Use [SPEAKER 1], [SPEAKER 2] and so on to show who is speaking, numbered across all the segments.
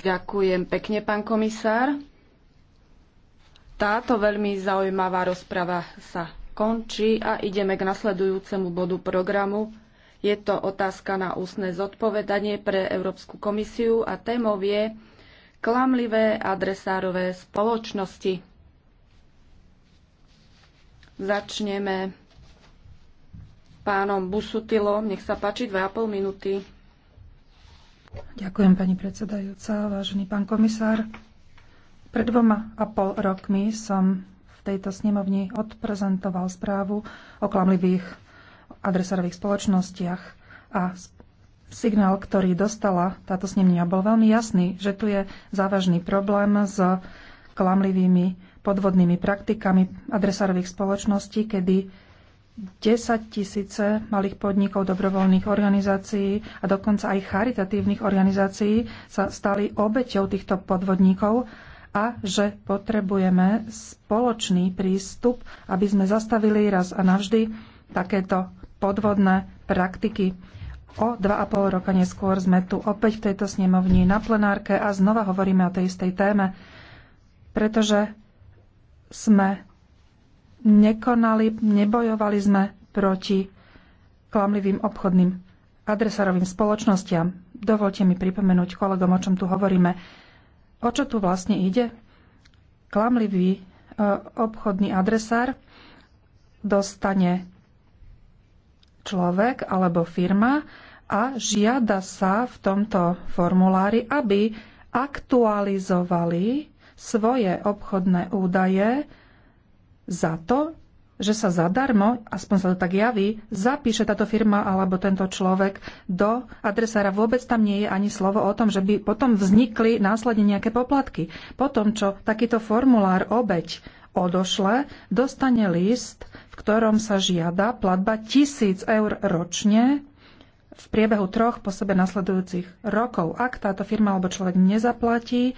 [SPEAKER 1] Ďakujem pekne, pán komisár. Táto veľmi zaujímavá rozprava sa končí a ideme k nasledujúcemu bodu programu. Je to otázka na ústne zodpovedanie pre Európsku komisiu a témou je klamlivé adresárové spoločnosti. Začneme pánom Busutilom. Nech sa páči, 2,5 minúty.
[SPEAKER 2] Ďakujem, pani predsedajúca, vážený pán komisár. Pred dvoma a pol rokmi som v tejto snemovni odprezentoval správu o klamlivých adresárových spoločnostiach a signál, ktorý dostala táto snemňa, bol veľmi jasný, že tu je závažný problém s klamlivými podvodnými praktikami adresárových spoločností, kedy 10 tisíce malých podnikov, dobrovoľných organizácií a dokonca aj charitatívnych organizácií sa stali obeťou týchto podvodníkov a že potrebujeme spoločný prístup, aby sme zastavili raz a navždy takéto podvodné praktiky. O dva a pol roka neskôr sme tu opäť v tejto snemovni na plenárke a znova hovoríme o tej istej téme, pretože sme nekonali, nebojovali sme proti klamlivým obchodným adresárovým spoločnostiam. Dovolte mi pripomenúť kolegom, o čom tu hovoríme. O čo tu vlastne ide? Klamlivý e, obchodný adresár dostane človek alebo firma a žiada sa v tomto formulári, aby aktualizovali svoje obchodné údaje za to, že sa zadarmo, aspoň sa to tak javí, zapíše táto firma alebo tento človek do adresára. Vôbec tam nie je ani slovo o tom, že by potom vznikli následne nejaké poplatky. Po tom, čo takýto formulár obeď odošle, dostane list, v ktorom sa žiada platba tisíc eur ročne v priebehu troch po sebe nasledujúcich rokov. Ak táto firma alebo človek nezaplatí, e,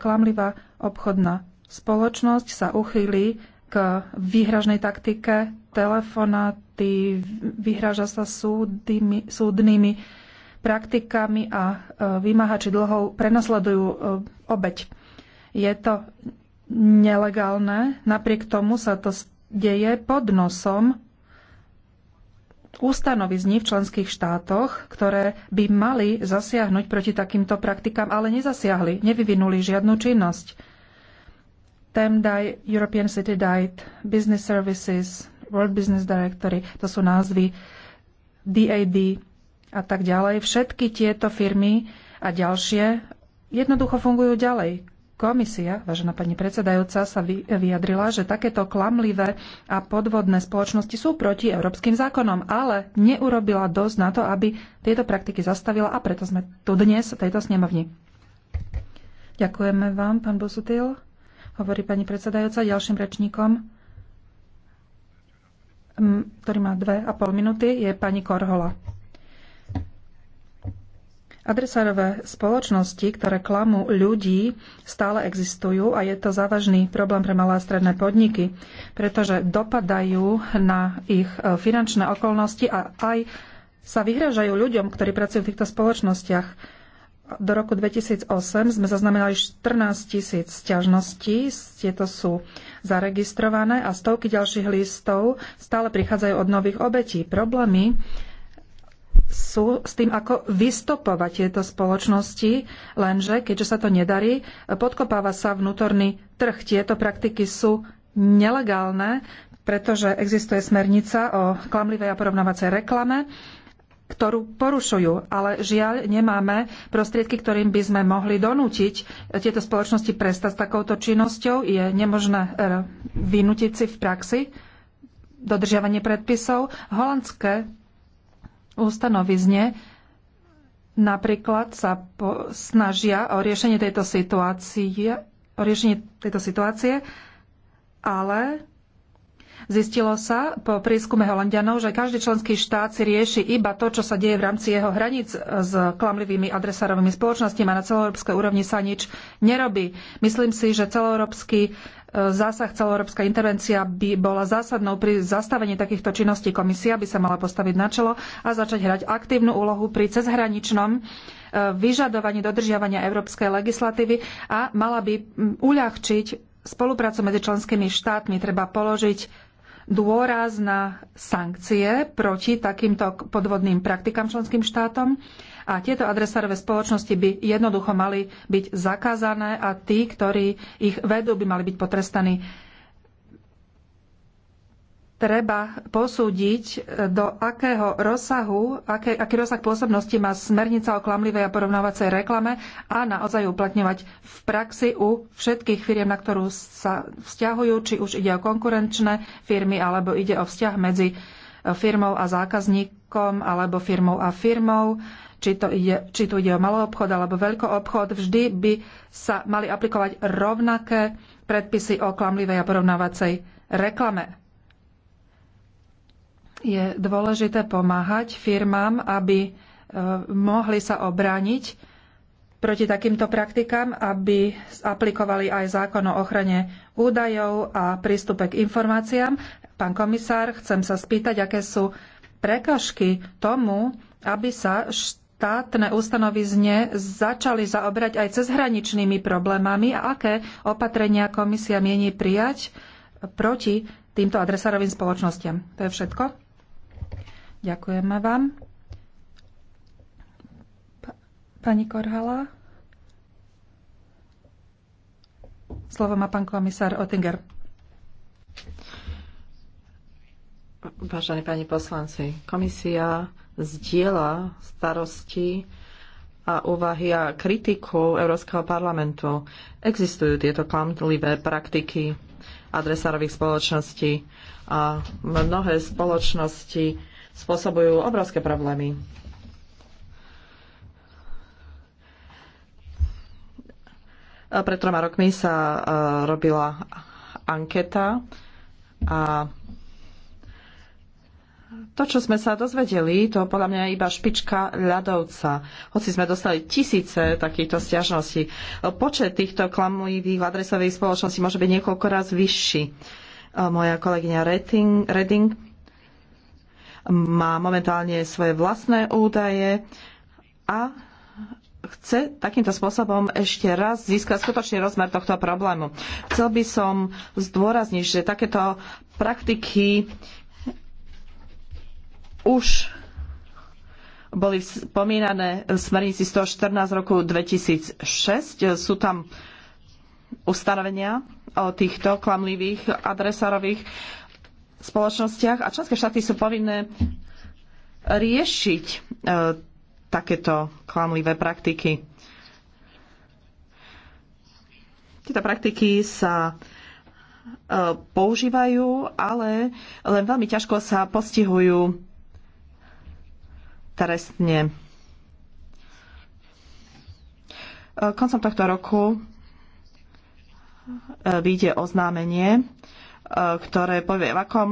[SPEAKER 2] klamlivá obchodná spoločnosť sa uchýli k výhražnej taktike, telefonáty, vyhraža sa súdnymi, súdnymi praktikami a e, vymáhači dlhov prenasledujú e, obeď. Je to nelegálne, napriek tomu sa to deje pod nosom ustanovizní v členských štátoch, ktoré by mali zasiahnuť proti takýmto praktikám, ale nezasiahli, nevyvinuli žiadnu činnosť. Temdai, European City Diet, Business Services, World Business Directory, to sú názvy DAD a tak ďalej. Všetky tieto firmy a ďalšie jednoducho fungujú ďalej. Komisia, vážená pani predsedajúca, sa vyjadrila, že takéto klamlivé a podvodné spoločnosti sú proti európskym zákonom, ale neurobila dosť na to, aby tieto praktiky zastavila a preto sme tu dnes v tejto snemovni. Ďakujeme vám, pán Bosutil hovorí pani predsedajúca. Ďalším rečníkom, ktorý má dve a pol minúty, je pani Korhola. Adresárové spoločnosti, ktoré klamú ľudí, stále existujú a je to závažný problém pre malé a stredné podniky, pretože dopadajú na ich e, finančné okolnosti a aj sa vyhražajú ľuďom, ktorí pracujú v týchto spoločnostiach do roku 2008 sme zaznamenali 14 tisíc stiažností, tieto sú zaregistrované a stovky ďalších listov stále prichádzajú od nových obetí. Problémy sú s tým, ako vystopovať tieto spoločnosti, lenže keďže sa to nedarí, podkopáva sa vnútorný trh. Tieto praktiky sú nelegálne, pretože existuje smernica o klamlivej a porovnávacej reklame ktorú porušujú, ale žiaľ nemáme prostriedky, ktorým by sme mohli donútiť tieto spoločnosti prestať s takouto činnosťou. Je nemožné e, vynútiť si v praxi dodržiavanie predpisov. Holandské ústanovizne napríklad sa po, snažia o riešenie tejto situácie, o riešenie tejto situácie ale Zistilo sa po prieskume Holandianov, že každý členský štát si rieši iba to, čo sa deje v rámci jeho hraníc s klamlivými adresárovými spoločnostiami a na celoeurópskej úrovni sa nič nerobí. Myslím si, že celoeurópsky e, zásah, celoeurópska intervencia by bola zásadnou pri zastavení takýchto činností. Komisia by sa mala postaviť na čelo a začať hrať aktívnu úlohu pri cezhraničnom e, vyžadovaní dodržiavania európskej legislatívy a mala by uľahčiť spoluprácu medzi členskými štátmi. Treba položiť dôraz na sankcie proti takýmto podvodným praktikám členským štátom a tieto adresárové spoločnosti by jednoducho mali byť zakázané a tí, ktorí ich vedú, by mali byť potrestaní treba posúdiť, e, do akého rozsahu, aké, aký rozsah pôsobnosti má smernica o klamlivej a porovnávacej reklame a naozaj uplatňovať v praxi u všetkých firiem, na ktorú sa vzťahujú, či už ide o konkurenčné firmy, alebo ide o vzťah medzi e, firmou a zákazníkom, alebo firmou a firmou, či, to ide, či tu ide o malý obchod alebo veľký obchod, vždy by sa mali aplikovať rovnaké predpisy o klamlivej a porovnávacej reklame je dôležité pomáhať firmám, aby e, mohli sa obrániť proti takýmto praktikám, aby aplikovali aj zákon o ochrane údajov a prístupe k informáciám. Pán komisár, chcem sa spýtať, aké sú prekažky tomu, aby sa štátne ustanovizne začali zaobrať aj cezhraničnými problémami a aké opatrenia komisia mieni prijať proti týmto adresárovým spoločnostiam. To je všetko. Ďakujeme vám. Pani Korhala. Slovo má pán komisár Oettinger.
[SPEAKER 3] Vážení pani poslanci, komisia zdieľa starosti a úvahy a kritiku Európskeho parlamentu. Existujú tieto klamlivé praktiky adresárových spoločností a mnohé spoločnosti spôsobujú obrovské problémy. Pred troma rokmi sa e, robila anketa a to, čo sme sa dozvedeli, to podľa mňa je iba špička ľadovca. Hoci sme dostali tisíce takýchto stiažností, počet týchto klamlivých adresových spoločností môže byť niekoľko raz vyšší. E, moja kolegyňa redding. Redding má momentálne svoje vlastné údaje a chce takýmto spôsobom ešte raz získať skutočný rozmer tohto problému. Chcel by som zdôrazniť, že takéto praktiky už boli spomínané v smernici 114 roku 2006. Sú tam ustanovenia o týchto klamlivých adresárových spoločnostiach a členské štáty sú povinné riešiť e, takéto klamlivé praktiky. Tieto praktiky sa e, používajú, ale len veľmi ťažko sa postihujú trestne. E, koncom tohto roku e, vyjde oznámenie E, ktoré povie, v akom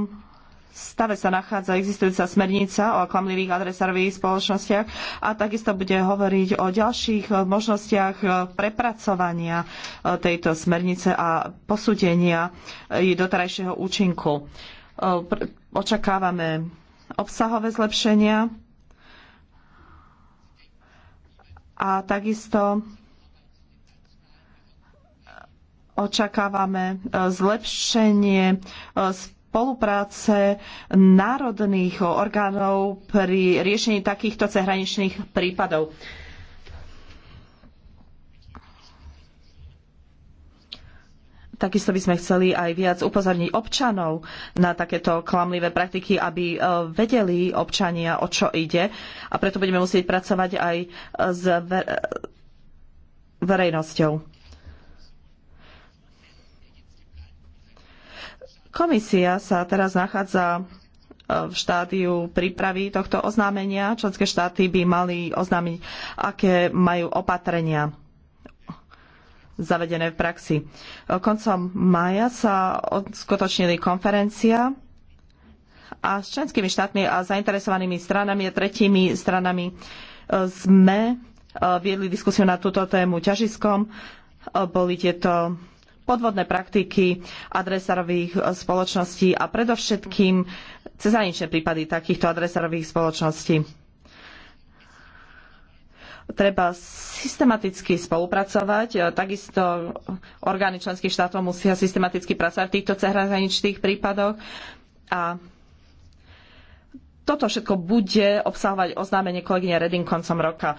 [SPEAKER 3] stave sa nachádza existujúca smernica o klamlivých adresárových spoločnostiach a takisto bude hovoriť o ďalších možnostiach e, prepracovania e, tejto smernice a posúdenia jej doterajšieho účinku. Očakávame obsahové zlepšenia a takisto očakávame e, zlepšenie e, spolupráce národných orgánov pri riešení takýchto cehraničných prípadov. Takisto by sme chceli aj viac upozorniť občanov na takéto klamlivé praktiky, aby e, vedeli občania, o čo ide. A preto budeme musieť pracovať aj s verejnosťou Komisia sa teraz nachádza e, v štádiu prípravy tohto oznámenia. Členské štáty by mali oznámiť, aké majú opatrenia zavedené v praxi. Koncom mája sa skutočnili konferencia a s členskými štátmi a zainteresovanými stranami a tretími stranami e, sme e, viedli diskusiu na túto tému ťažiskom. Boli tieto podvodné praktiky adresárových e, spoločností a predovšetkým cezhraničné prípady takýchto adresárových spoločností treba systematicky spolupracovať. E, Takisto orgány členských štátov musia systematicky pracovať v týchto cezhraničných prípadoch a toto všetko bude obsahovať oznámenie kolegyne Reding koncom roka. E,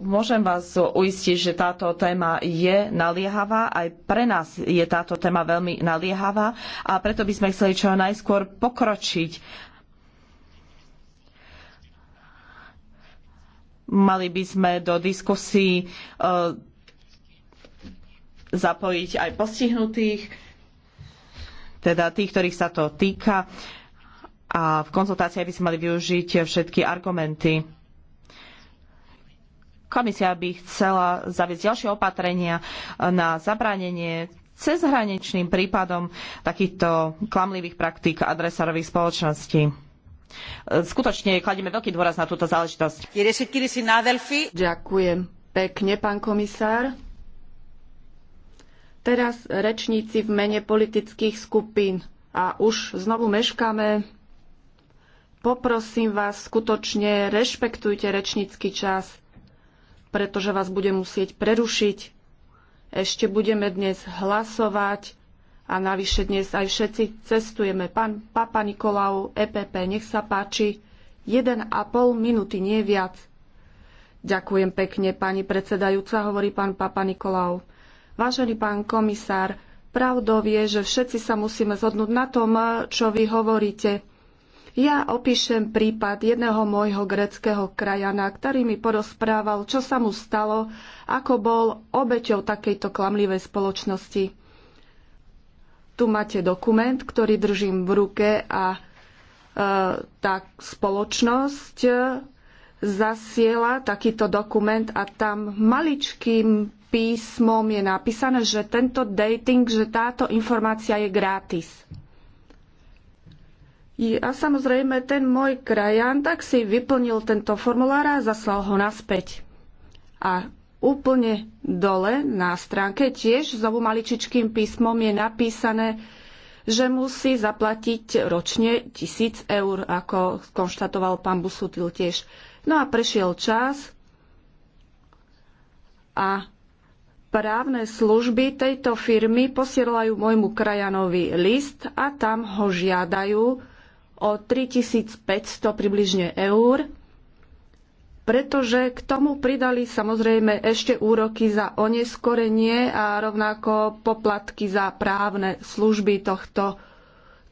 [SPEAKER 3] môžem vás uistiť, že táto téma je naliehavá, aj pre nás je táto téma veľmi naliehavá a preto by sme chceli čo najskôr pokročiť. Mali by sme do diskusí e, zapojiť aj postihnutých, teda tých, ktorých sa to týka a v konzultácii by sme mali využiť všetky argumenty. Komisia by chcela zaviesť ďalšie opatrenia na zabránenie cezhraničným prípadom takýchto klamlivých praktík adresárových spoločností. Skutočne kladieme veľký dôraz na túto záležitosť.
[SPEAKER 1] Ďakujem pekne, pán komisár. Teraz rečníci v mene politických skupín. A už znovu meškáme. Poprosím vás, skutočne rešpektujte rečnícky čas, pretože vás budem musieť prerušiť. Ešte budeme dnes hlasovať a navyše dnes aj všetci cestujeme. Pán Papa Nikolau, EPP, nech sa páči, 1,5 minúty, nie viac. Ďakujem pekne, pani predsedajúca, hovorí pán Papa Nikolau. Vážený pán komisár, pravdou je, že všetci sa musíme zhodnúť na tom, čo vy hovoríte ja opíšem prípad jedného môjho greckého krajana, ktorý mi porozprával, čo sa mu stalo, ako bol obeťou takejto klamlivej spoločnosti. Tu máte dokument, ktorý držím v ruke a e, tá spoločnosť e, zasiela takýto dokument a tam maličkým písmom je napísané, že tento dating, že táto informácia je gratis. A samozrejme, ten môj krajan tak si vyplnil tento formulár a zaslal ho naspäť. A úplne dole na stránke tiež s maličičkým písmom je napísané, že musí zaplatiť ročne tisíc eur, ako konštatoval pán Busutil tiež. No a prešiel čas a právne služby tejto firmy posielajú môjmu krajanovi list a tam ho žiadajú, o 3500 približne eur, pretože k tomu pridali samozrejme ešte úroky za oneskorenie a rovnako poplatky za právne služby tohto,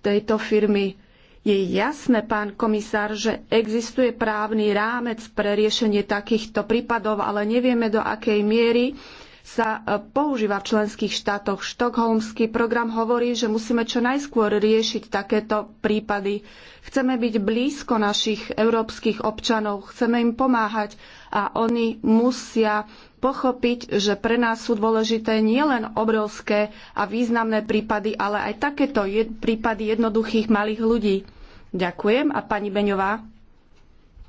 [SPEAKER 1] tejto firmy. Je jasné, pán komisár, že existuje právny rámec pre riešenie takýchto prípadov, ale nevieme do akej miery sa e, používa v členských štátoch. Štokholmský program hovorí, že musíme čo najskôr riešiť takéto prípady. Chceme byť blízko našich európskych občanov, chceme im pomáhať a oni musia pochopiť, že pre nás sú dôležité nielen obrovské a významné prípady, ale aj takéto prípady jednoduchých malých ľudí. Ďakujem a pani Beňová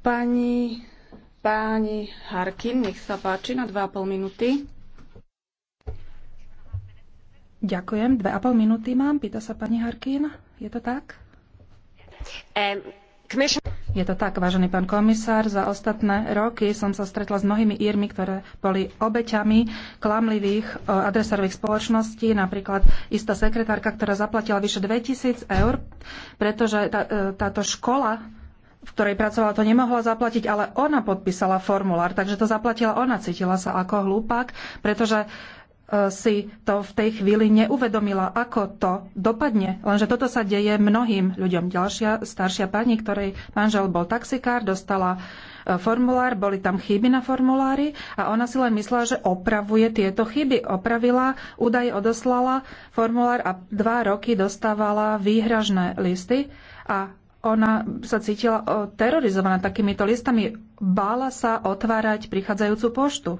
[SPEAKER 4] Pani,
[SPEAKER 1] páni Harkin, nech sa páči na 2,5 minúty.
[SPEAKER 2] Ďakujem. 2,5 minúty mám, pýta sa pani Harkin. Je to tak? Um, commission... Je to tak, vážený pán komisár. Za ostatné roky som sa stretla s mnohými Írmi, ktoré boli obeťami klamlivých eh, adresárových spoločností. Napríklad istá sekretárka, ktorá zaplatila vyše 2000 eur, pretože tá, eh, táto škola v ktorej pracovala, to nemohla zaplatiť, ale ona podpísala formulár, takže to zaplatila ona. Cítila sa ako hlúpak, pretože e, si to v tej chvíli neuvedomila, ako to dopadne. Lenže toto sa deje mnohým ľuďom. Ďalšia staršia pani, ktorej manžel bol taxikár, dostala e, formulár, boli tam chyby na formulári a ona si len myslela, že opravuje tieto chyby. Opravila, údaj odoslala formulár a dva roky dostávala výhražné listy a ona sa cítila eh, terorizovaná takýmito listami. Bála sa otvárať prichádzajúcu poštu.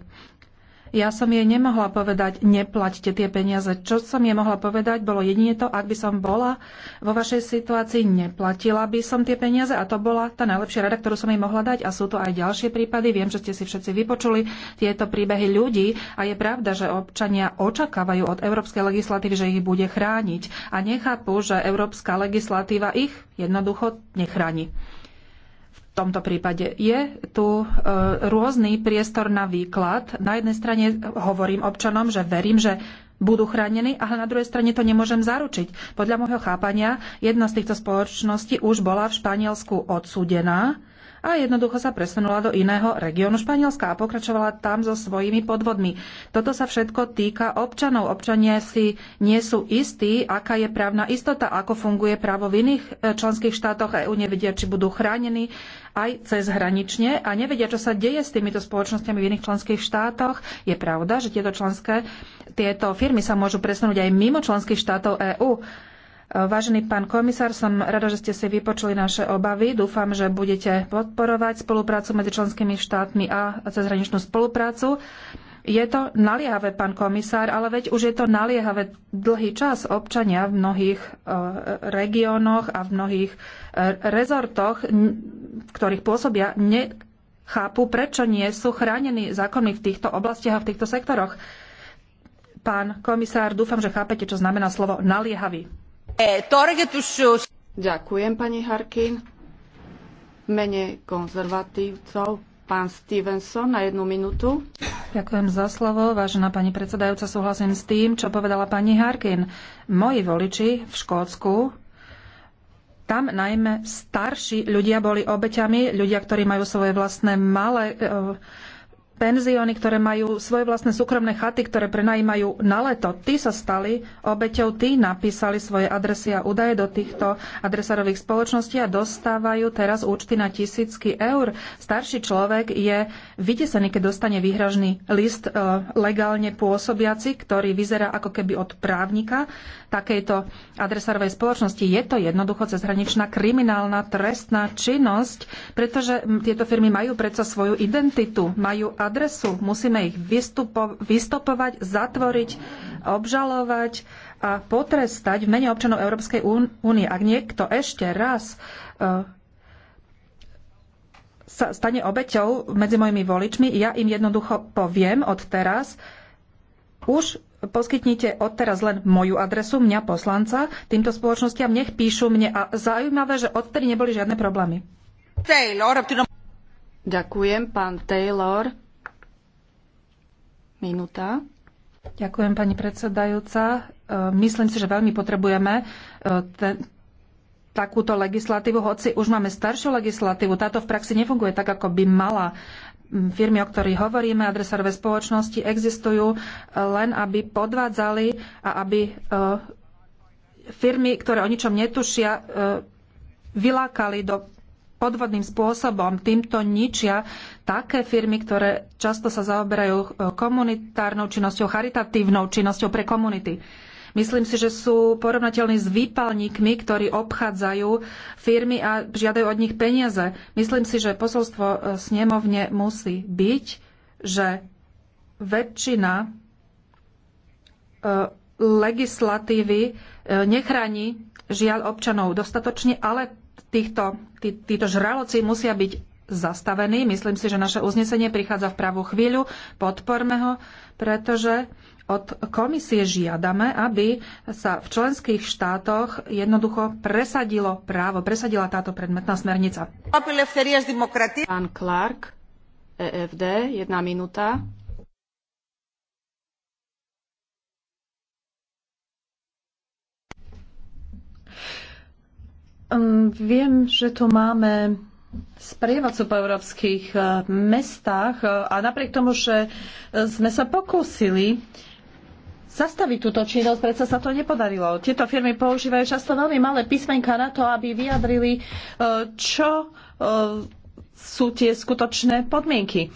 [SPEAKER 2] Ja som jej nemohla povedať, neplaťte tie peniaze. Čo som jej mohla povedať, bolo jedine to, ak by som bola vo vašej situácii, neplatila by som tie peniaze a to bola tá najlepšia rada, ktorú som jej mohla dať. A sú to aj ďalšie prípady. Viem, že ste si všetci vypočuli tieto príbehy ľudí a je pravda, že občania očakávajú od európskej legislatívy, že ich bude chrániť a nechápu, že európska legislatíva ich jednoducho nechráni. V tomto prípade. Je tu e, rôzny priestor na výklad. Na jednej strane hovorím občanom, že verím, že budú chránení, ale na druhej strane to nemôžem zaručiť. Podľa môjho chápania, jedna z týchto spoločností už bola v Španielsku odsúdená a jednoducho sa presunula do iného regiónu Španielska a pokračovala tam so svojimi podvodmi. Toto sa všetko týka občanov. Občania si nie sú istí, aká je právna istota, ako funguje právo v iných e, členských štátoch EÚ, nevedia, či budú chránení aj cez hranične a nevedia, čo sa deje s týmito spoločnosťami v iných členských štátoch. Je pravda, že tieto členské, tieto firmy sa môžu presunúť aj mimo členských štátov EÚ Vážený pán komisár, som rada, že ste si vypočuli naše obavy. Dúfam, že budete podporovať spoluprácu medzi členskými štátmi a cezhraničnú spoluprácu. Je to naliehavé, pán komisár, ale veď už je to naliehavé dlhý čas. Občania v mnohých e, regiónoch a v mnohých e, rezortoch, v ktorých pôsobia, nechápu, prečo nie sú chránení zákony v týchto oblastiach a v týchto sektoroch. Pán komisár, dúfam, že chápete, čo znamená slovo naliehavý. Ďakujem,
[SPEAKER 1] pani Harkin. Mene konzervatívcov, pán
[SPEAKER 2] Stevenson na jednu minútu. Ďakujem za slovo, vážená pani predsedajúca. Súhlasím s tým, čo povedala pani Harkin. Moji voliči v Škótsku tam najmä starší ľudia boli obeťami, ľudia, ktorí majú svoje vlastné malé e, penzióny, ktoré majú svoje vlastné súkromné chaty, ktoré prenajímajú na leto. Tí sa stali obeťou, tí napísali svoje adresy a údaje do týchto adresárových spoločností a dostávajú teraz účty na tisícky eur. Starší človek je vydesený, keď dostane výhražný list e, legálne pôsobiaci, ktorý vyzerá ako keby od právnika takejto adresárovej spoločnosti. Je to jednoducho cezhraničná kriminálna trestná činnosť, pretože tieto firmy majú predsa svoju identitu, majú adres adresu. Musíme ich vystopovať, zatvoriť, obžalovať a potrestať v mene občanov Európskej únie. Ak niekto ešte raz e, sa stane obeťou medzi mojimi voličmi, ja im jednoducho poviem od teraz, už poskytnite odteraz len moju adresu, mňa poslanca, týmto spoločnostiam nech píšu mne. A zaujímavé, že odtedy neboli žiadne problémy. Taylor, Ďakujem, pán Taylor. Minúta. Ďakujem, pani predsedajúca. E, myslím si, že veľmi potrebujeme e, ten, takúto legislatívu, hoci už máme staršiu legislatívu. Táto v praxi nefunguje tak, ako by mala. Firmy, o ktorých hovoríme, adresárové spoločnosti existujú len, aby podvádzali a aby e, firmy, ktoré o ničom netušia, vylákali do podvodným spôsobom týmto ničia také firmy, ktoré často sa zaoberajú e, komunitárnou činnosťou, charitatívnou činnosťou pre komunity. Myslím si, že sú porovnateľní s výpalníkmi, ktorí obchádzajú firmy a žiadajú od nich peniaze. Myslím si, že posolstvo e, snemovne musí byť, že väčšina e, legislatívy nechráni žiaľ občanov dostatočne, ale týchto, tí, títo žraloci musia byť zastavení. Myslím si, že naše uznesenie prichádza v pravú chvíľu. Podporme ho, pretože od komisie žiadame, aby sa v členských štátoch jednoducho presadilo právo, presadila táto predmetná smernica. Pán Clark,
[SPEAKER 1] EFD, jedna minúta.
[SPEAKER 3] Viem, že tu máme sprievodcu po európskych eh, mestách eh, a napriek tomu, že eh, sme sa pokúsili zastaviť túto činnosť, predsa sa to nepodarilo. Tieto firmy používajú často veľmi malé písmenka na to, aby vyjadrili, čo sú tie skutočné podmienky.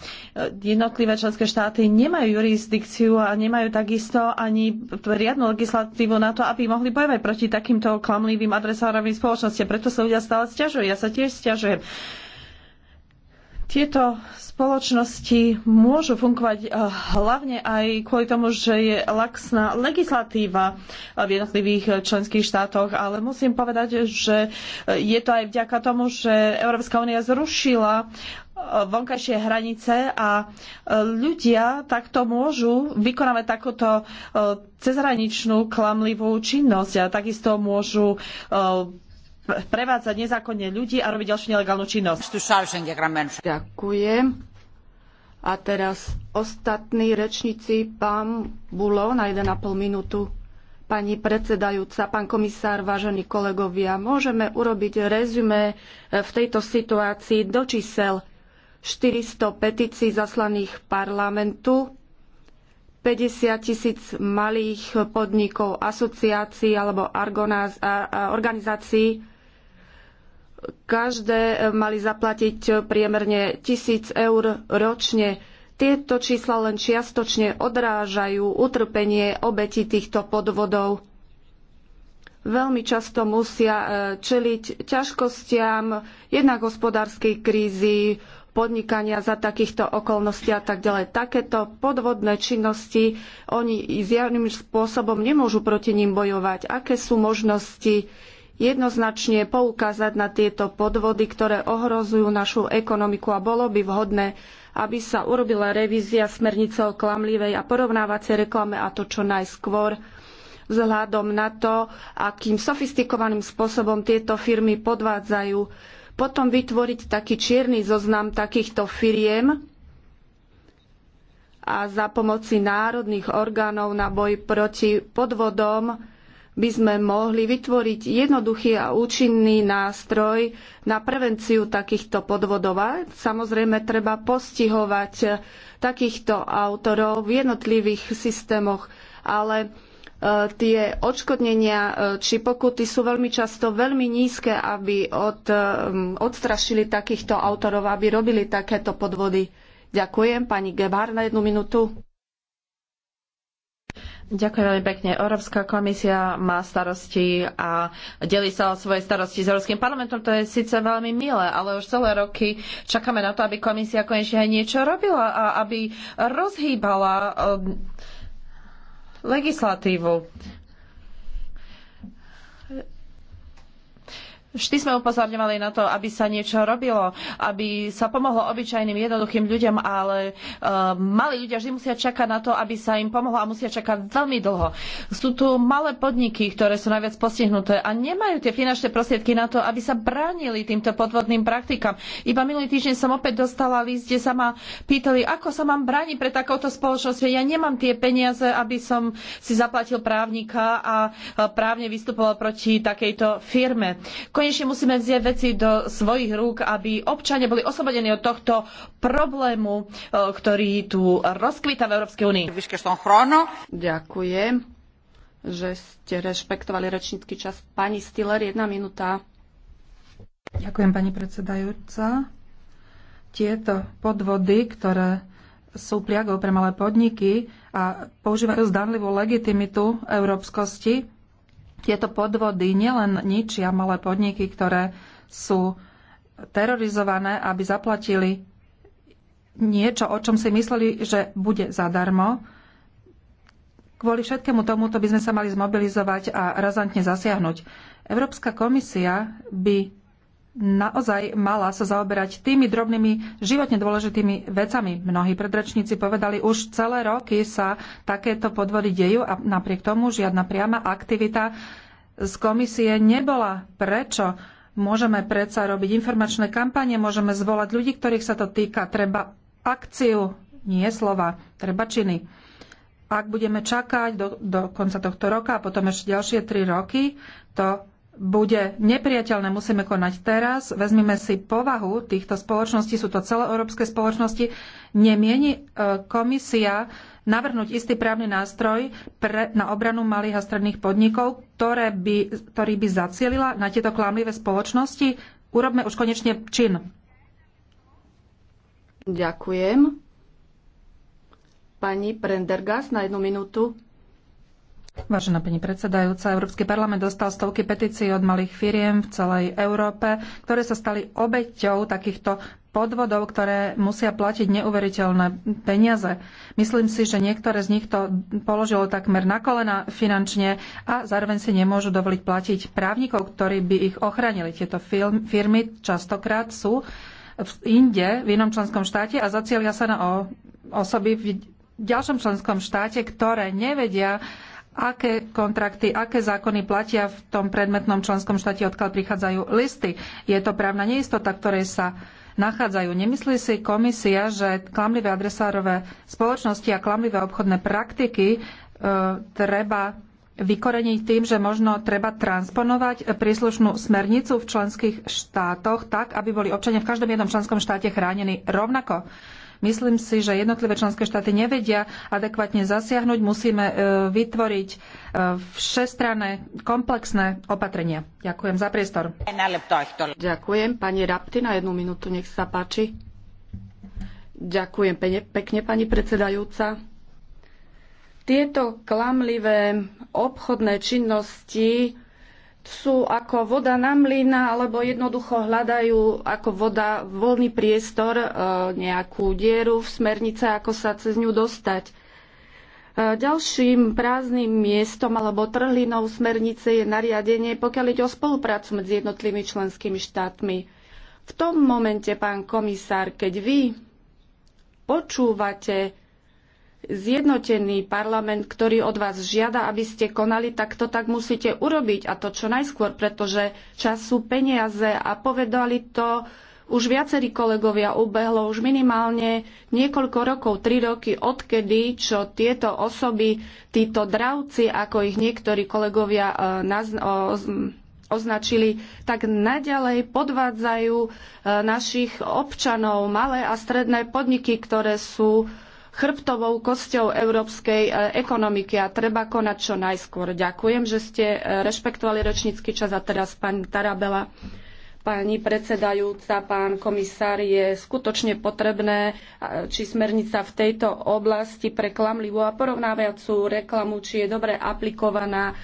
[SPEAKER 3] Jednotlivé členské štáty nemajú jurisdikciu a nemajú takisto ani riadnu legislatívu na to, aby mohli bojovať proti takýmto klamlivým adresárovým spoločnosti. Preto sa ľudia stále stiažujú. Ja sa tiež stiažujem. Tieto spoločnosti môžu fungovať eh, hlavne aj kvôli tomu, že je laxná legislatíva eh, v jednotlivých eh, členských štátoch, ale musím povedať, že je to aj vďaka tomu, že Európska únia zrušila vonkajšie hranice a ľudia takto môžu vykonávať takúto cezhraničnú klamlivú činnosť a takisto môžu prevádzať nezákonne ľudí a robiť ďalšiu nelegálnu činnosť. Ďakujem.
[SPEAKER 1] A teraz ostatní rečníci, pán Bulo na 1,5 minútu. Pani predsedajúca, pán komisár, vážení kolegovia, môžeme urobiť rezume v tejto situácii do čísel 400 petícií zaslaných parlamentu, 50 tisíc malých podnikov, asociácií alebo organizácií, každé mali zaplatiť priemerne tisíc eur ročne. Tieto čísla len čiastočne odrážajú utrpenie obeti týchto podvodov. Veľmi často musia e, čeliť ťažkostiam jednak hospodárskej krízy, podnikania za takýchto okolností a tak ďalej. Takéto podvodné činnosti, oni zjavným spôsobom nemôžu proti ním bojovať. Aké sú možnosti jednoznačne poukázať na tieto podvody, ktoré ohrozujú našu ekonomiku a bolo by vhodné, aby sa urobila revízia smernice o klamlivej a porovnávacej reklame a to čo najskôr vzhľadom na to, akým sofistikovaným spôsobom tieto firmy podvádzajú. Potom vytvoriť taký čierny zoznam takýchto firiem a za pomoci národných orgánov na boj proti podvodom by sme mohli vytvoriť jednoduchý a účinný nástroj na prevenciu takýchto podvodov. A samozrejme treba postihovať takýchto autorov v jednotlivých systémoch, ale e, tie odškodnenia e, či pokuty sú veľmi často veľmi nízke, aby od, e, odstrašili takýchto autorov, aby robili takéto podvody. Ďakujem. Pani Gebhár na jednu minútu.
[SPEAKER 3] Ďakujem veľmi pekne. Európska komisia má starosti a delí sa o svoje starosti s Európskym parlamentom. To je síce veľmi milé, ale už celé roky čakáme na to, aby komisia konečne aj niečo robila a aby rozhýbala ehm, legislatívu. Vždy sme upozorňovali na to, aby sa niečo robilo, aby sa pomohlo obyčajným jednoduchým ľuďom, ale uh, mali ľudia vždy musia čakať na to, aby sa im pomohlo a musia čakať veľmi dlho. Sú tu malé podniky, ktoré sú najviac postihnuté a nemajú tie finančné prostriedky na to, aby sa bránili týmto podvodným praktikám. Iba minulý týždeň som opäť dostala list, kde sa ma pýtali, ako sa mám brániť pre takouto spoločnosť. Ja nemám tie peniaze, aby som si zaplatil právnika a právne vystupoval proti takejto firme konečne musíme vzieť veci do svojich rúk, aby občania boli oslobodení od tohto problému, e, ktorý tu rozkvíta v Európskej únii. Ďakujem,
[SPEAKER 1] že ste rešpektovali rečnícky čas. Pani Stiller, jedna minúta.
[SPEAKER 2] Ďakujem, pani predsedajúca. Tieto podvody, ktoré sú pliagou pre malé podniky a používajú zdanlivú legitimitu európskosti, tieto podvody nielen ničia malé podniky, ktoré sú terorizované, aby zaplatili niečo, o čom si mysleli, že bude zadarmo. Kvôli všetkému tomuto by sme sa mali zmobilizovať a razantne zasiahnuť. Európska komisia by naozaj mala sa zaoberať tými drobnými, životne dôležitými vecami. Mnohí predrečníci povedali, už celé roky sa takéto podvody dejú a napriek tomu žiadna priama aktivita z komisie nebola. Prečo? Môžeme predsa robiť informačné kampanie, môžeme zvolať ľudí, ktorých sa to týka. Treba akciu, nie slova, treba činy. Ak budeme čakať do, do konca tohto roka a potom ešte ďalšie tri roky, to bude nepriateľné, musíme konať teraz. Vezmime si povahu týchto spoločností, sú to celoeurópske spoločnosti. Nemieni e, komisia navrhnúť istý právny nástroj pre, na obranu malých a stredných podnikov, ktoré by, ktorý by zacielila na tieto klamlivé spoločnosti. Urobme už konečne čin.
[SPEAKER 1] Ďakujem. Pani Prendergast na jednu minútu.
[SPEAKER 2] Vážená pani predsedajúca, Európsky parlament dostal stovky petícií od malých firiem v celej Európe, ktoré sa stali obeťou takýchto podvodov, ktoré musia platiť neuveriteľné peniaze. Myslím si, že niektoré z nich to položilo takmer na kolena finančne a zároveň si nemôžu dovoliť platiť právnikov, ktorí by ich ochránili. Tieto firmy častokrát sú v inde, v inom členskom štáte a zacielia sa na osoby v ďalšom členskom štáte, ktoré nevedia aké kontrakty, aké zákony platia v tom predmetnom členskom štáte, odkiaľ prichádzajú listy. Je to právna neistota, ktorej sa nachádzajú. Nemyslí si komisia, že klamlivé adresárové spoločnosti a klamlivé obchodné praktiky e, treba vykoreniť tým, že možno treba transponovať príslušnú smernicu v členských štátoch tak, aby boli občania v každom jednom členskom štáte chránení rovnako. Myslím si, že jednotlivé členské štáty nevedia adekvátne zasiahnuť. Musíme e, vytvoriť e, všestranné, komplexné opatrenia. Ďakujem za priestor. Ďakujem. Pani Rapti, na jednu minútu, nech sa páči. Ďakujem
[SPEAKER 1] pekne, pani predsedajúca. Tieto klamlivé obchodné činnosti sú ako voda na mlyna, alebo jednoducho hľadajú ako voda voľný priestor, e, nejakú dieru v smernice, ako sa cez ňu dostať. E, ďalším prázdnym miestom alebo trhlinou smernice je nariadenie, pokiaľ ide o spoluprácu medzi jednotlivými členskými štátmi. V tom momente, pán komisár, keď vy počúvate zjednotený parlament, ktorý od vás žiada, aby ste konali, tak to tak musíte urobiť a to čo najskôr, pretože čas sú peniaze a povedali to už viacerí kolegovia ubehlo už minimálne niekoľko rokov, tri roky, odkedy, čo tieto osoby, títo dravci, ako ich niektorí kolegovia e, označili, tak naďalej podvádzajú e, našich občanov, malé a stredné podniky, ktoré sú chrbtovou kosťou európskej e, ekonomiky a treba konať čo najskôr. Ďakujem, že ste e, rešpektovali rečnícky čas a teraz pani Tarabela. Pani predsedajúca, pán komisár, je skutočne potrebné, e, či smernica v tejto oblasti pre klamlivú a porovnávajúcu reklamu, či je dobre aplikovaná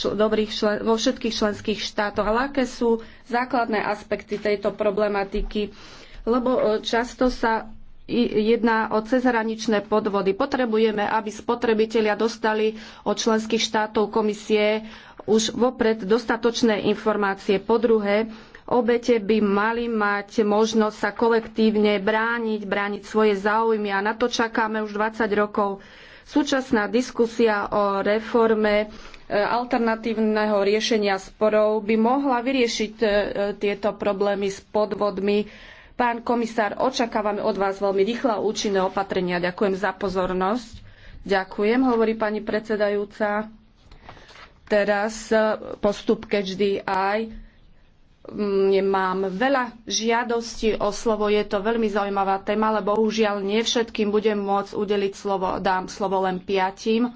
[SPEAKER 1] dobrých, vo všetkých členských štátoch. Ale aké sú základné aspekty tejto problematiky? Lebo často sa jedná o cezhraničné podvody. Potrebujeme, aby spotrebitelia dostali od členských štátov komisie už vopred dostatočné informácie. Po druhé, obete by mali mať možnosť sa kolektívne brániť, brániť svoje záujmy a na to čakáme už 20 rokov. Súčasná diskusia o reforme e, alternatívneho riešenia sporov by mohla vyriešiť e, tieto problémy s podvodmi Pán komisár, očakávame od vás veľmi rýchle a účinné opatrenia. Ďakujem za pozornosť. Ďakujem, hovorí pani predsedajúca. Teraz e, postup vždy aj. Mám veľa žiadostí o slovo, je to veľmi zaujímavá téma, ale bohužiaľ nie všetkým budem môcť udeliť slovo. Dám slovo len piatim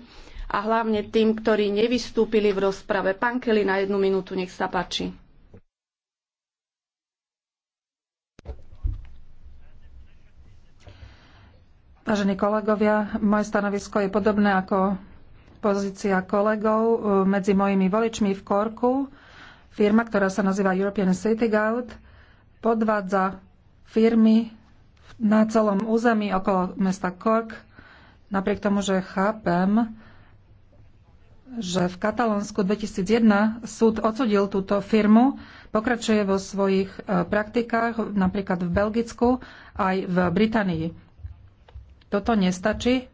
[SPEAKER 1] a hlavne tým, ktorí nevystúpili v rozprave. Pán Kelly na jednu minútu, nech sa páči.
[SPEAKER 2] Vážení kolegovia, moje stanovisko je podobné ako pozícia kolegov eh, medzi mojimi voličmi v Korku. Firma, ktorá sa nazýva European City Guard, podvádza firmy na celom území okolo mesta Kork, Napriek tomu, že chápem, že v Katalónsku 2001 súd odsudil túto firmu, pokračuje vo svojich eh, praktikách, napríklad v Belgicku, aj v Británii. Toto nestačí.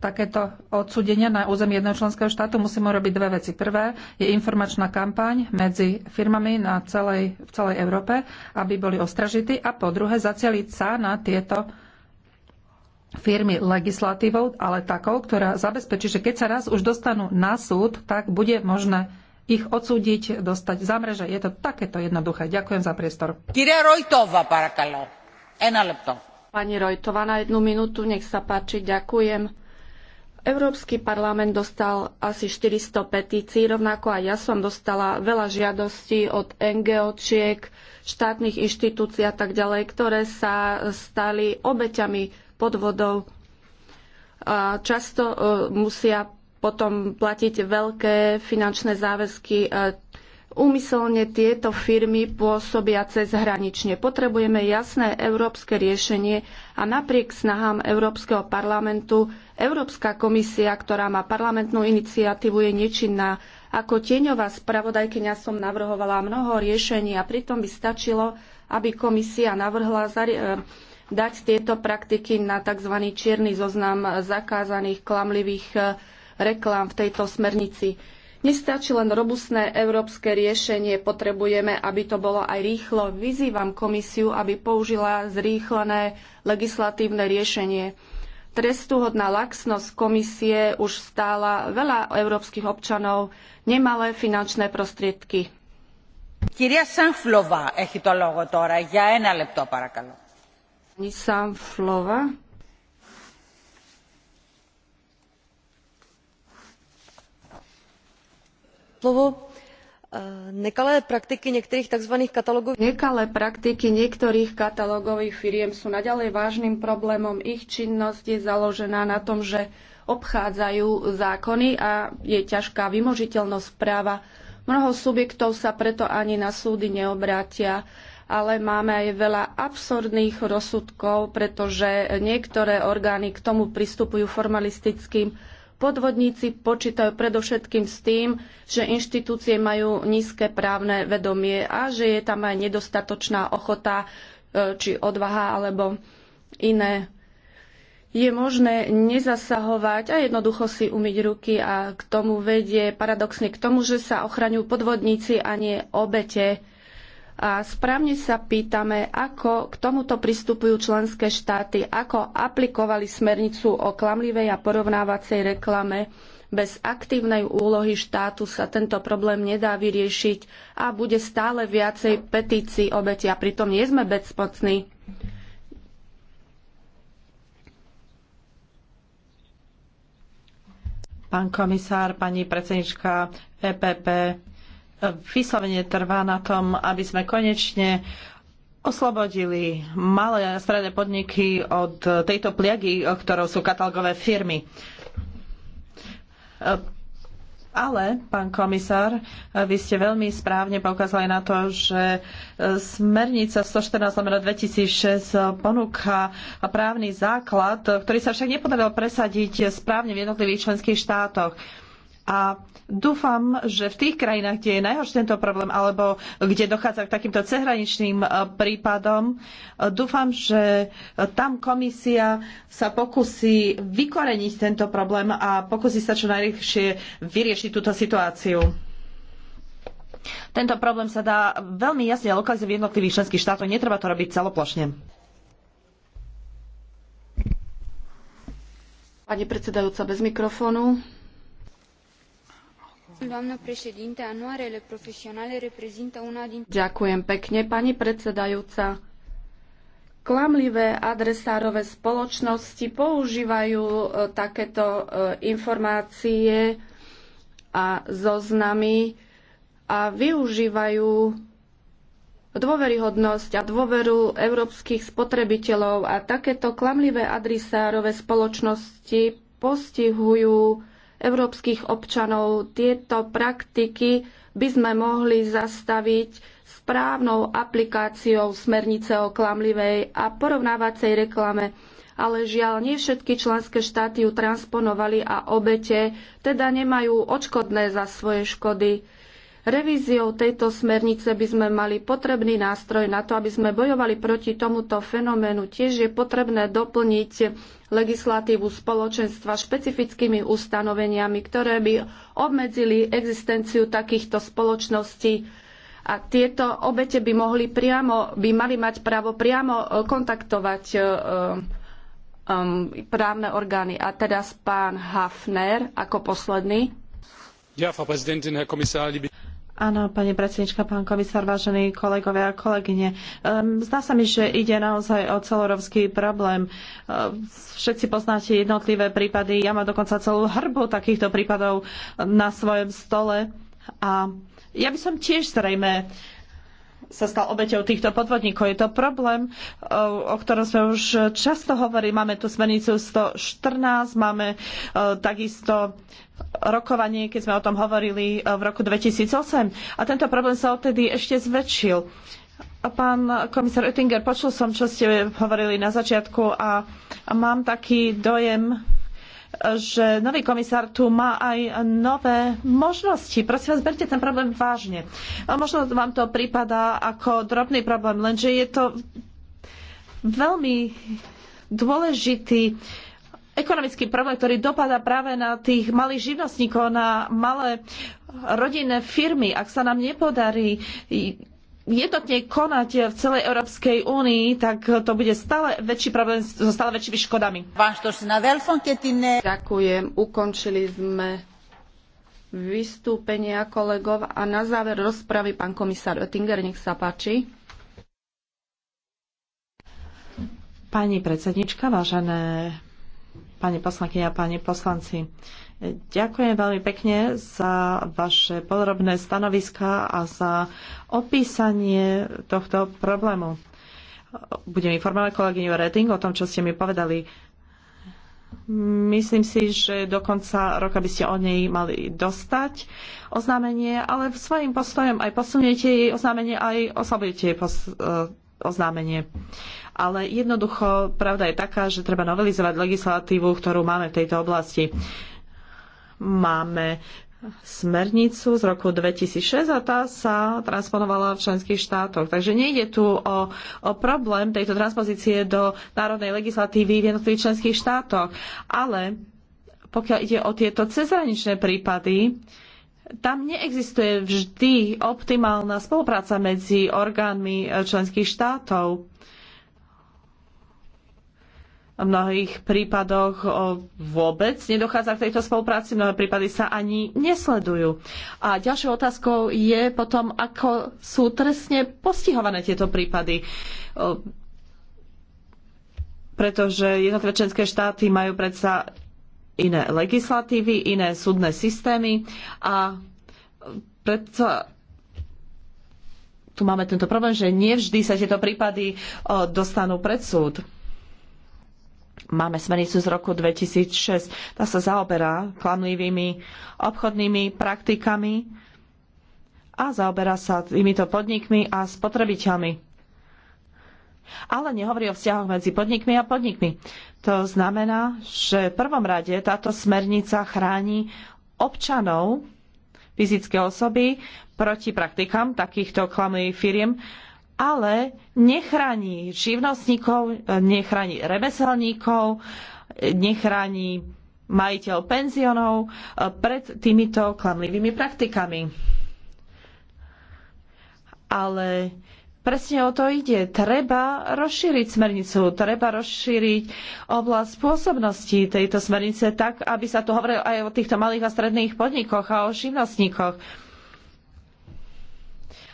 [SPEAKER 2] Takéto odsudenia na území jedného členského štátu musíme robiť dve veci. Prvé je informačná kampaň medzi firmami na celej, v celej Európe, aby boli ostražití. A po druhé, zacieliť sa na tieto firmy legislatívou, ale takou, ktorá zabezpečí, že keď sa raz už dostanú na súd, tak bude možné ich odsúdiť, dostať za mreže. Je to takéto jednoduché. Ďakujem za priestor. Rojtova, parakalo. Ena lepto.
[SPEAKER 1] Pani Rojtová na jednu minútu, nech sa páči, ďakujem. Európsky parlament dostal asi 400 petícií, rovnako aj ja som dostala veľa žiadostí od NGOčiek, štátnych inštitúcií a tak ďalej, ktoré sa stali obeťami podvodov. A často e, musia potom platiť veľké finančné záväzky e, Úmyselne tieto firmy pôsobia cez hranične. Potrebujeme jasné európske riešenie a napriek snahám Európskeho parlamentu Európska komisia, ktorá má parlamentnú iniciatívu, je nečinná. Ako tieňová spravodajkyňa som navrhovala mnoho riešení a pritom by stačilo, aby komisia navrhla eh, dať tieto praktiky na tzv. čierny zoznam zakázaných klamlivých eh, reklám v tejto smernici. Nestačí len robustné európske riešenie, potrebujeme, aby to bolo aj rýchlo. Vyzývam komisiu, aby použila zrýchlené legislatívne riešenie. Trestuhodná laxnosť komisie už stála veľa európskych občanov nemalé finančné prostriedky. Kyria Sanflova, Sanflova. E, nekalé praktiky niektorých tzv. Nekalé praktiky niektorých katalógových firiem sú naďalej vážnym problémom. Ich činnosť je založená na tom, že obchádzajú zákony a je ťažká vymožiteľnosť práva. Mnoho subjektov sa preto ani na súdy neobrátia, ale máme aj veľa absurdných rozsudkov, pretože niektoré orgány k tomu pristupujú formalistickým Podvodníci počítajú predovšetkým s tým, že inštitúcie majú nízke právne vedomie a že je tam aj nedostatočná ochota e, či odvaha alebo iné. Je možné nezasahovať a jednoducho si umyť ruky a k tomu vedie paradoxne k tomu, že sa ochraňujú podvodníci a nie obete. A správne sa pýtame, ako k tomuto pristupujú členské štáty, ako aplikovali smernicu o klamlivej a porovnávacej reklame. Bez aktívnej úlohy štátu sa tento problém nedá vyriešiť a bude stále viacej petícií obeti a pritom nie sme bezpocní.
[SPEAKER 3] Pán komisár, pani predsednička EPP vyslovene trvá na tom, aby sme konečne oslobodili malé a stredné podniky od tejto pliagy, ktorou sú katalogové firmy. Ale, pán komisár, vy ste veľmi správne poukázali na to, že smernica 114 2006 ponúka právny základ, ktorý sa však nepodarilo presadiť správne v jednotlivých členských štátoch. A dúfam, že v tých krajinách, kde je najhorší tento problém, alebo kde dochádza k takýmto cehraničným e, prípadom, e, dúfam, že tam komisia sa pokusí vykoreniť tento problém a pokusí sa čo najrychlejšie vyriešiť túto situáciu. Tento problém sa dá veľmi jasne lokalizovať v jednotlivých členských štátoch. Netreba to robiť celoplošne.
[SPEAKER 1] Pani predsedajúca bez mikrofónu. Anuarele profesionale reprezintă una din... Ďakujem pekne, pani predsedajúca. Klamlivé adresárové spoločnosti používajú e, takéto e, informácie a zoznamy a využívajú dôveryhodnosť a dôveru európskych spotrebiteľov a takéto klamlivé adresárové spoločnosti postihujú európskych občanov. Tieto praktiky by sme mohli zastaviť správnou aplikáciou smernice o klamlivej a porovnávacej reklame ale žiaľ nie všetky členské štáty ju transponovali a obete teda nemajú odškodné za svoje škody. Revíziou tejto smernice by sme mali potrebný nástroj na to, aby sme bojovali proti tomuto fenoménu. Tiež je potrebné doplniť legislatívu spoločenstva špecifickými ustanoveniami, ktoré by obmedzili existenciu takýchto spoločností. A tieto obete by mohli priamo, by mali mať právo priamo e, kontaktovať um, právne orgány. A teraz pán Hafner ako posledný. Ja, Frau Präsidentin, Herr Kommissar, liebe
[SPEAKER 3] Áno, pani predsednička, pán komisár, vážení kolegovia a kolegyne. Ehm, zdá sa mi, že ide naozaj o celorovský problém. Ehm, všetci poznáte jednotlivé prípady. Ja mám dokonca celú hrbu takýchto prípadov na svojom stole. A ja by som tiež zrejme sa stal obeťou týchto podvodníkov. Je to problém, o ktorom sme už často hovorili. Máme tu smernicu 114, máme takisto rokovanie, keď sme o tom hovorili v roku 2008. A tento problém sa odtedy ešte zväčšil. Pán komisár Oettinger, počul som, čo ste hovorili na začiatku a mám taký dojem, že nový komisár tu má aj nové možnosti. Prosím vás, berte ten problém vážne. Možno vám to prípada ako drobný problém, lenže je to veľmi dôležitý ekonomický problém, ktorý dopadá práve na tých malých živnostníkov, na malé rodinné firmy. Ak sa nám nepodarí jednotne konať v celej Európskej únii, tak to bude stále väčší problém so stále väčšími škodami.
[SPEAKER 1] Ďakujem. Ukončili sme vystúpenia kolegov a na záver rozpravy pán komisár Oettinger, nech sa páči.
[SPEAKER 3] Pani predsednička, vážené pani poslankyne a páni poslanci, Ďakujem veľmi pekne za vaše podrobné stanoviska a za opísanie tohto problému. Budem informovať kolegyňu Reding o tom, čo ste mi povedali. Myslím si, že do konca roka by ste o nej mali dostať oznámenie, ale svojim postojom aj posuniete jej oznámenie, aj oslabujete jej e, oznámenie. Ale jednoducho, pravda je taká, že treba novelizovať legislatívu, ktorú máme v tejto oblasti. Máme smernicu z roku 2006 a tá sa transponovala v členských štátoch. Takže nejde tu o, o problém tejto transpozície do národnej legislatívy v jednotlivých členských štátoch, ale pokiaľ ide o tieto cezhraničné prípady, tam neexistuje vždy optimálna spolupráca medzi orgánmi členských štátov v mnohých prípadoch vôbec nedochádza k tejto spolupráci, mnohé prípady sa ani nesledujú. A ďalšou otázkou je potom, ako sú trestne postihované tieto prípady pretože jednotlivé členské štáty majú predsa iné legislatívy, iné súdne systémy a predsa tu máme tento problém, že nevždy sa tieto prípady dostanú pred súd. Máme smernicu z roku 2006. Tá sa zaoberá klamlivými obchodnými praktikami a zaoberá sa týmito podnikmi a spotrebiteľmi. Ale nehovorí o vzťahoch medzi podnikmi a podnikmi. To znamená, že v prvom rade táto smernica chráni občanov, fyzické osoby proti praktikám takýchto klamlivých firiem, ale nechráni živnostníkov, nechráni remeselníkov, nechráni majiteľ penzionov eh, pred týmito klamlivými praktikami. Ale presne o to ide. Treba rozšíriť smernicu, treba rozšíriť oblasť pôsobnosti tejto smernice tak, aby sa tu hovorilo aj o týchto malých a stredných podnikoch a o živnostníkoch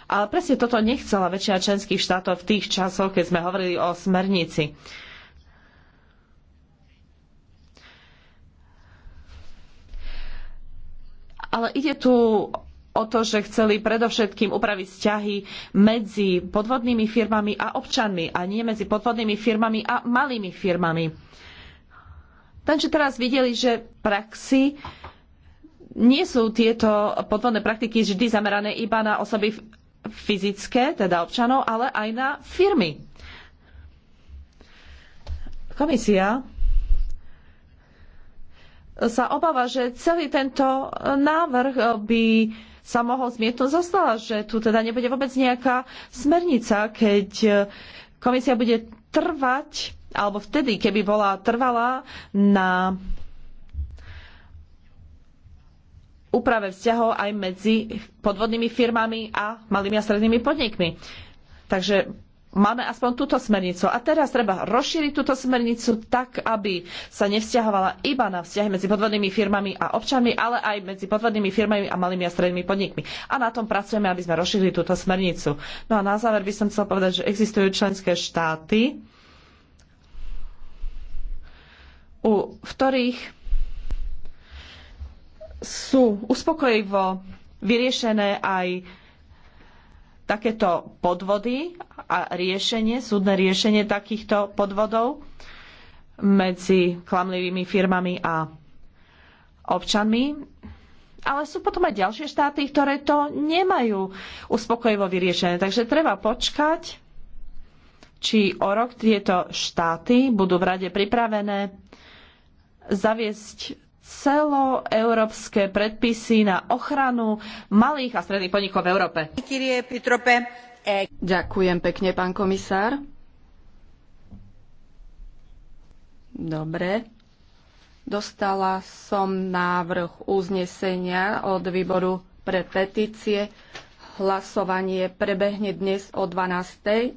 [SPEAKER 3] ale presne toto nechcela väčšina členských štátov v tých časoch, keď sme hovorili o smernici. Ale ide tu o to, že chceli predovšetkým upraviť vzťahy medzi podvodnými firmami a občanmi a nie medzi podvodnými firmami a malými firmami. Takže teraz videli, že praxi nie sú tieto podvodné praktiky vždy zamerané iba na osoby fyzické, teda občanov, ale aj na firmy. Komisia sa obáva, že celý tento návrh by sa mohol zmietnúť zo stola, že tu teda nebude vôbec nejaká smernica, keď komisia bude trvať, alebo vtedy, keby bola trvala na úprave vzťahov aj medzi podvodnými firmami a malými a strednými podnikmi. Takže máme aspoň túto smernicu. A teraz treba rozšíriť túto smernicu tak, aby sa nevzťahovala iba na vzťahy medzi podvodnými firmami a občanmi, ale aj medzi podvodnými firmami a malými a strednými podnikmi. A na tom pracujeme, aby sme rozšírili túto smernicu. No a na záver by som chcela povedať, že existujú členské štáty, u ktorých sú uspokojivo vyriešené aj takéto podvody a riešenie, súdne riešenie takýchto podvodov medzi klamlivými firmami a občanmi. Ale sú potom aj ďalšie štáty, ktoré to nemajú uspokojivo vyriešené. Takže treba počkať, či o rok tieto štáty budú v rade pripravené zaviesť celoeurópske predpisy na ochranu malých a stredných podnikov v Európe. Ďakujem
[SPEAKER 1] pekne, pán komisár. Dobre. Dostala som návrh uznesenia od výboru pre petície. Hlasovanie prebehne dnes o 12.